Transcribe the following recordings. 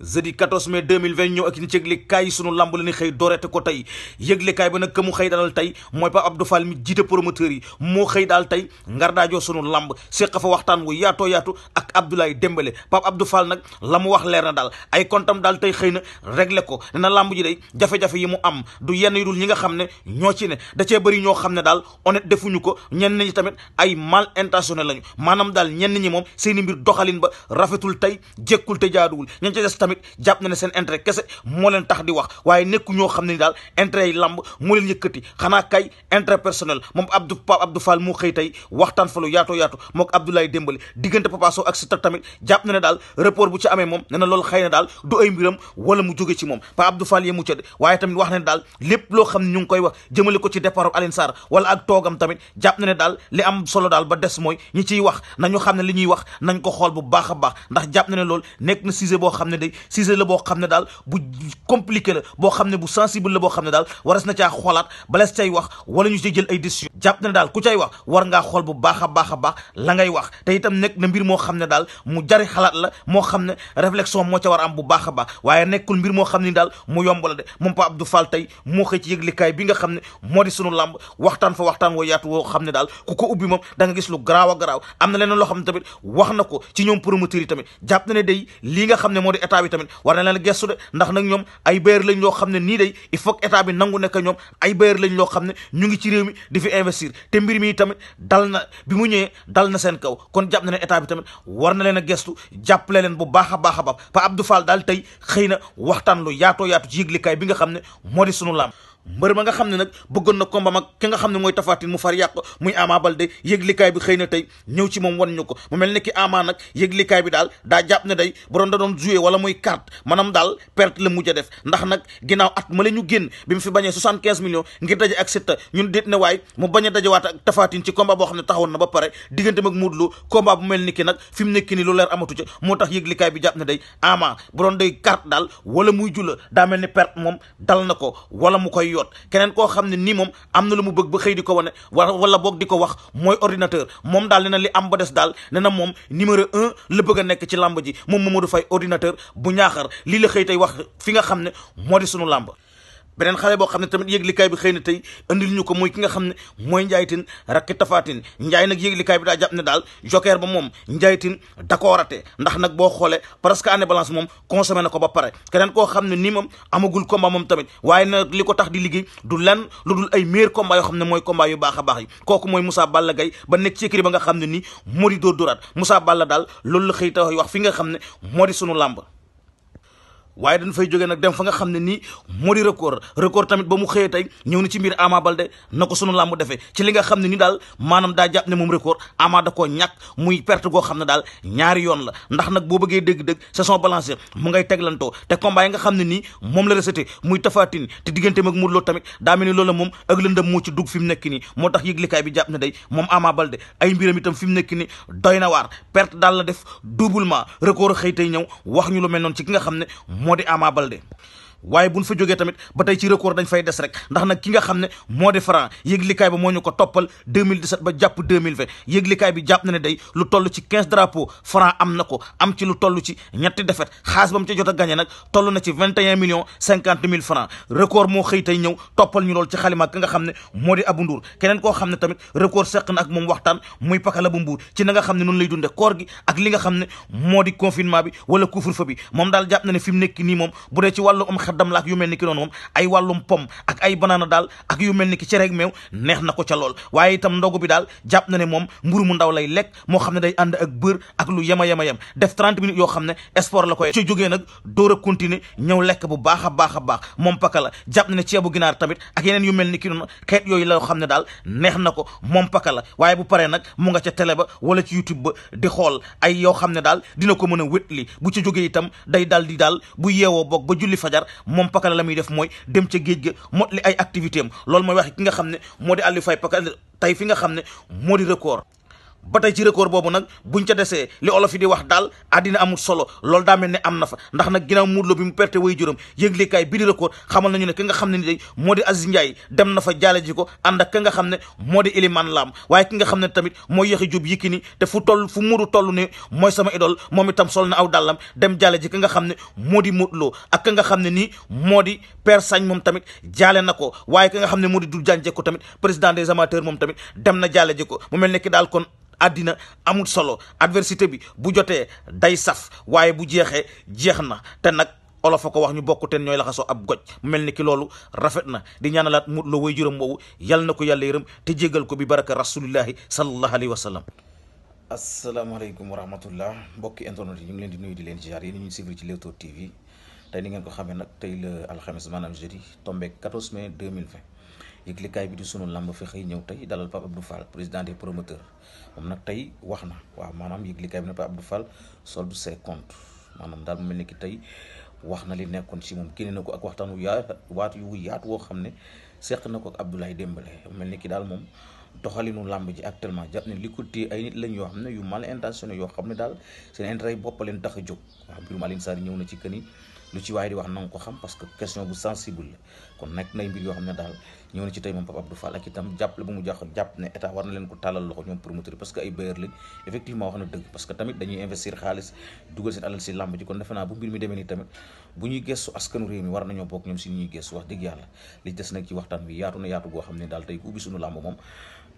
jeudi 14 mai 2020 ñëw ak ni ci yëglekaay yi sunu lamb la ni xëy dooreete ko tey yëglekaay bi nag ka mu xëy dalal tey mooy Pape Abdou Fall mi jiite promoteur yi moo xëy daal tey ngardaajoo sunu lamb séq fa waxtaan wu yaatoo yaatu ak Abdoulaye Dembélé Pape Abdou Fall nag la mu wax leer na daal ay kontam daal tey xëy na réglé ko ne na lamb ji day jafe-jafe yi mu am du yenn yu dul ñi nga xam ne ñoo ci ne da cee bëri ñoo xam ne daal honnête defuñu ko ñenn ñi tamit ay mal intentionnel lañu maanaam daal ñenn ñi moom seeni mbir doxalin ba rafetul tey jekkul te tamit jàpp na ne seen intérêt kese moo leen tax di wax waaye nekku ñoo xam moom Abdou Pape Abdou daal report bu mbiram wala mu jóge ci moom Pape Abdou Fall yemu ca de waaye tamit wax na daal lépp am solo daal ba des mooy ñi ciy wax nañu xam ne li ñuy wax nañ ko xool bu baax a baax ndax jàpp na ne loolu nekk na sujet boo xam ne day sujet la boo xam ne daal bu compliqué la boo xam ne bu sensible la boo xam ne daal waras na caa xoolaat cay wax wala ñu ci jël ay décision jàpp na daal ku cay wax war ngaa xool bu baax a baax a wax te itam nekk na mbir moo xam ne daal mu jari xalaat la moo xam ne réflexion moo ca war am bu baax a baax waaye nekkul mbir moo xam ne daal mu yomb la de moom Pa Abdou Fall tey moo xëy ci yëglikaay bi nga xam ne moo di sunu làmb waxtaan wax waxtaan woo yaatu woo xam ne daal ku ko ubbi moom da nga gis lu garaaw a garaaw am na leneen loo xam ne tamit wax na ko ci ñoom promoteurs yi tamit war na leen gestu de ndax nag ñoom ay bailleur lañ loo xam ne nii day il faut que état bi nangu nekk ñoom ay bailleur lañ loo xam ne ñu ngi ci réew mi di fi investir te mbir mi tamit dal na bi mu ñëwee dal na seen kaw kon jàpp na ne état bi tamit war na leen gestu jàppale leen bu baax a baax a baax Pa Abdou Fall daal tey xëy na waxtaan lu yaatoo yaatu ci yëglikaay bi nga xam ne moo di sunu laam mbër ma nga xam ne nag bëggoon na combat mag ki nga xam ne mooy tafaatin mu far yàq muy Ama Baldé yëglikaay bi xëy na tey ñëw ci moom wan ñu ko mu mel ne ki Ama nag yëglikaay bi daal daa jàpp ne day bu doon wala muy carte maanaam daal perte la ndax nag ginnaaw at ma la ñu génn bi mu fi bañee soixante-quinze millions ngir daje ak Siteu ñun déet ne waay a dajewaat ak tafaatin ci combat boo xam ne taxawoon na ba pare diggante mag Modou Lo combat bu fi mu nekk ni lu leer amatu ca moo tax yëglikaay bi jàpp ne day Ama bu doon day carte daal wala muy jula daa mel ne perte moom dal na ko wala mu koy yoot keneen koo xam ne nii moom am na lu mu bëgg ba xëy di ko wane wa wala boog di ko wax mooy ordinateur moom daal nee na li am ba des daal nee na moom numéro un la bëgg nekk ci làmb ji moom Mamadou Faye ordinateur bu ñaaxar lii la xëy tey wax fi nga xam ne moo di sunu làmb beneen xale boo xam ne tamit yëglikaay bi xëy na tey andil ñu ko muy ki nga xam ne mooy Ndiaye Tine rakki tafaatin Ndiaye nag yëglikaay bi daa jàpp ne daal joker ba moom Ndiaye Tine da ndax nag boo xoolee que année balance moom consommé na ko ba pare keneen koo xam ne nii moom amagul combat moom tamit waaye nag li ko tax di liggéey du lan lu dul ay meilleur combat yoo xam ne mooy combat yu baax a baax yi kooku mooy Moussa Balla ba nekk ci écurie ba nga xam ne nii moo di dóor dóoraat Moussa Balla daal loolu la xëy ta wax fi nga xam ne moo di sunu làmb waaye dañ fay jógee nag dem fa nga xam ne nii moo di record record tamit ba mu xëyee tey ñëw na ci mbir Ama Balde na ko sunu làmb defee ci li nga xam ne ni daal maanaam da jàpp ne moom record Ama da koo ñàkk muy perte goo xam ne daal ñaari yoon la ndax nag boo bëggee dégg-dégg saison balancé mu ngay teglantoo te combat yi nga xam ne nii moom la reseté muy tafaatin te digganteem ak Modou Lo tamit daa mel ni loolu moom ak lëndëm moo ci dugg fi mu nekk nii moo tax yëglikaay bi jàpp ne day moom Ama Balde ay mbiram fi mu nekk nii doy na waar perte daal la def doublement record xëy tey ñëw wax ñu lu mel noonu ci ki nga xam ne moo di Ama Baldé waaye buñ fa jógee tamit ba tey ci record dañ fay des rek ndax nag ki nga xam ne moo di Franc yëglikaay ba moo ñu ko toppal 2017 ba jàpp 2020 yëglikaay bi jàpp na ne day lu toll ci 15 drapeau Franc am na ko am ci lu toll ci ñetti defet xaas ba mu ca jot a gagné nag toll na ci 21 millions 50 mille francs record moo xëy tey ñëw toppal ñu lool ci xalima ka nga xam ne moo di Abou Ndour keneen koo xam ne tamit record seq na ak waxtaan muy pakala bu mbuur ci na nga xam ne noonu lay dunde koor gi ak nga xam ne moo di confinement wala couvre-feu bi moom daal jàpp na mu nekk nii moom ci wàllu maxdam la ak yu mel ni ki noonu moom ay wàllum pom ak ay banaana daal ak yu mel ni ki cereeg meew neex na ko ca lool waaye itam ndogu bi daal jàpp na ne moom mburu mu ndaw lay lekk moo xam ne day ànd ak bër ak lu yema yema yem def trente minutes yoo xam ne sport la koy ci jógee nag door a continuer lekk bu baax a baax a baax moom paka la jàpp na ceebu ginaar tamit ak yeneen yu mel ni ki noonu xeet yooyu la yoo xam ne daal neex na ko moom paka la waaye bu paree nag mu nga ca tele ba wala ci youtube ba di xool ay yoo xam ne daal dina ko mën a wétli bu ci jógee itam day dal di daal bu yeewoo boog ba julli fajar moom pakala la muy def mooy dem ca géej ga mot li ay activité am loolu mooy wax ki nga xam ne moo di Aliou Faye tey fi nga xam ne moo di record ba tey ci record boobu nag buñ ca desee li olof yi di wax daal àddina amul solo loolu daa mel ne am na fa ndax na ginaaw Modou Lo bi mu perte way juróom yëglekaay bi di record xamal nañu ne ki nga xam ne ni moo di Aziz Ndiaye dem na fa jaale ko ànd ak nga xam ne moo di Elimane Lam waaye ki nga xam ne tamit mooy Yaxya Jóob Yékini te fu toll fu muru toll ni mooy sama idol moom itam sol na aw dàllam dem jaale ji ka nga xam ne moo di Modou Lo ak ka nga xam ne nii moo di Père Sagne moom tamit jaale na ko waaye ka nga xam ne moo di Doudou Diagne Diecko tamit président des amateurs moom tamit dem na jaale ko mu mel ne ki daal kon àddina amul solo adversité bi bu jotee day saf waaye bu jeexee jeex na te nag olof a ko wax ñu bokk teen ñooy laxasoo ab goj mel ni ki loolu rafet na di ñaanalaat mut loo way juróom woowu yal na ko yàlla yërëm te jégal ko bi baraka rasulillahi sallallahu alayhi wa sallam asalaamaaleykum wa rahmatullah mbokki internet yi ñu ngi leen di nuyu di leen ziar yéen ñu suivre ci Leewtoo TV tey ni ngeen ko xamee nag tey la alxames maanaam jeudi tombé 14 mai 2020 yëglikaay bi di sunu làmb fi xëy ñëw tey dalal Pape Abdou président des promoteurs moom nag tey wax na waa maanaam yëglikaay bi ne Pape Abdou Fall solde ses comptes maanaam daal mu mel ni ki tey wax na li nekkoon ci moom génne na ko ak waxtaan wu yaa waat yu yaatu woo xam ne seq na ko ak Abdoulaye Dembélé mel ni ki daal moom doxalinu làmb ji actuellement jàpp ne li ko téye ay nit lañ yoo xam ne yu mal intentionné yoo xam ne daal seen intérêt bopp leen tax a jóg waaw mbirum Alioune Sarr ñëw na ci këni lu ci waaye di wax nanga ko xam parce que question bu sensible la kon nekk nay mbir yoo xam ne daal ñëw na ci tey moom Pape Abdou Fall ak mu jàpp ne état war na leen ko tàllal loxo ñoom promoteur parce que ay bailleur lañ effectivement wax na dëgg parce que tamit dañuy investir xaalis dugal seen alal si làmb ji kon defe naa bu mbir mi demee nii tamit bu ñuy gestu askanu réew mi war nañoo bokk ñoom si ñuy gestu wax dëgg yàlla li des nag ci waxtaan bi yaatu na yaatu goo ne daal tey ku ubbi moom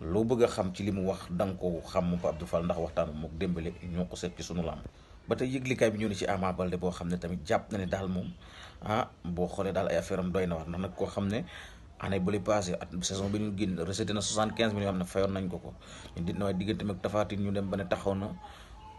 loo bëgg a xam li mu wax da xam moom Pape Abdou ndax waxtaan moom ak Dembélé ñoo ko seet sunu làmb ba tey yëglikaay bi ñu ne ci Ama Baldé boo xam ne tamit jàpp na ne daal moom ah boo xoolee daal ay affaire am doy na war ndax nag koo xam ne année bële passé at saison bi ñu génn recette na soixante quinze millions xam ne fayoon nañ ko ko ñu di nooy diggante mag tafaatin ñu dem ba ne taxaw na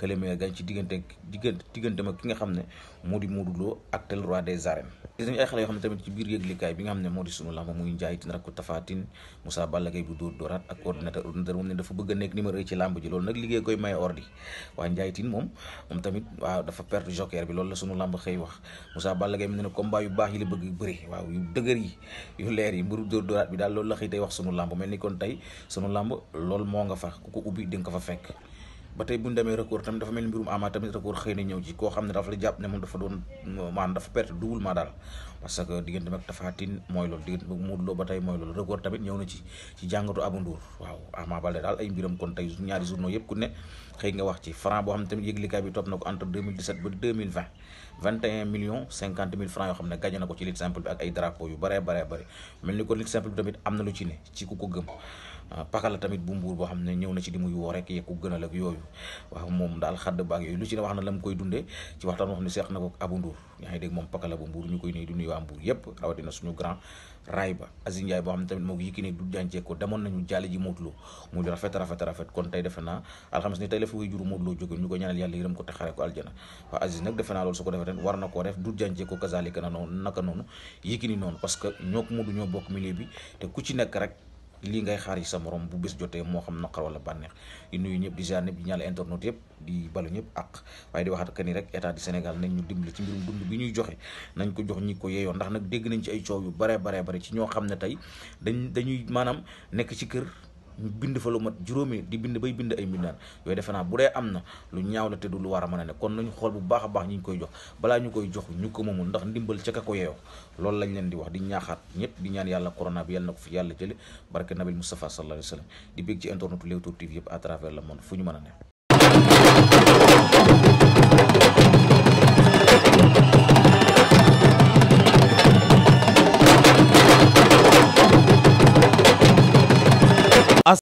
Kële mi nga gañ ci diggante diggante ma ki nga xam ne moo di Modou Lo actuel roi des arènes. gis nañu ay xale yoo xam ne tamit ci biir yëglikaay bi nga xam ne moo di sunu lamb muy Ndiaye Tine rakku Tapha Tine Moussa Balla Gaye bu dóor dóoraat ak a nekk numéro yi wax Moussa Balla Gaye mu ne ne combat yu baax yi la bëgg bëri waaw yu yi yu bi daal loolu la xëy tey wax mel ni kon tey sunu lamb loolu moo nga fa ku ko ubbi di ko fa fekk ba tey bu ñu demee recours tamit dafa mel ni mbirum Ama tamit recours xëy na ñëw ci koo xam ne dafa la jàpp ne moom dafa doon maanaam dafa perte doublement daal parce que diggante ak Tapha Tine diggante ak Modou ba tey mooy loolu tamit ñëw na ci jàngatu Abou Ndour waaw Ama Baldé daal ay mbiram kon tey ñaari journaux yëpp ku ne xëy nga wax ci franc boo xam ne tamit yëglikaay bi topp na ko entre 2017 ba 2020 21 millions 50 mille francs yoo xam ne gagné na ko ci ne Ah, paka la tamit bu mbuur boo xam ne ñëw na ci di muy woo rek yeeku gënal ak yooyu yooyu wax na la mu koy dundee ci waxtaan boo xam ne na ko waa mbuur rafet kon te nag defe naa loolu su ko defee tamit war na koo def du jàncee ko kazalika na noonu naka noonu yikki ni noonu parce ñoo ko Modou ñoo bokk milieu bi te ku ci nekk rek lii ngay xaar sa moroom bu bés jotee moo xam naqar wala bànneex di nuyu ñëpp di ziar ñëpp di ñaale internet yëpp di balu ñëpp ak waaye di waxat que ni rek état du Sénégal nañ ñu dimbali ci mbirum dund bi ñuy joxe nañ ko jox ñi ko yeeyoo ndax nag dégg nañ ci ay coow yu bare bare bare ci ñoo xam ne tey dañ dañuy maanaam nekk ci kër ñu bind fa lu mat juróomi di bind bay bind ay mbindaan yooyu defe naa bu dee am na lu ñaaw la te du lu war a mën a ne kon nañu xool bu baax a baax ñi ñu koy jox balaa ñu koy jox ñu ko moomul ndax ndimbal ca ka ko yeyoo loolu lañ leen di wax di ñaaxaat ñëpp di ñaan yàlla corona bi yàlla na ko fi yàlla jële barke nabil Moustapha sallallahu alayhi wa di bég ci internetu Leewtoo TV yëpp à travers le fu ñu mën a ne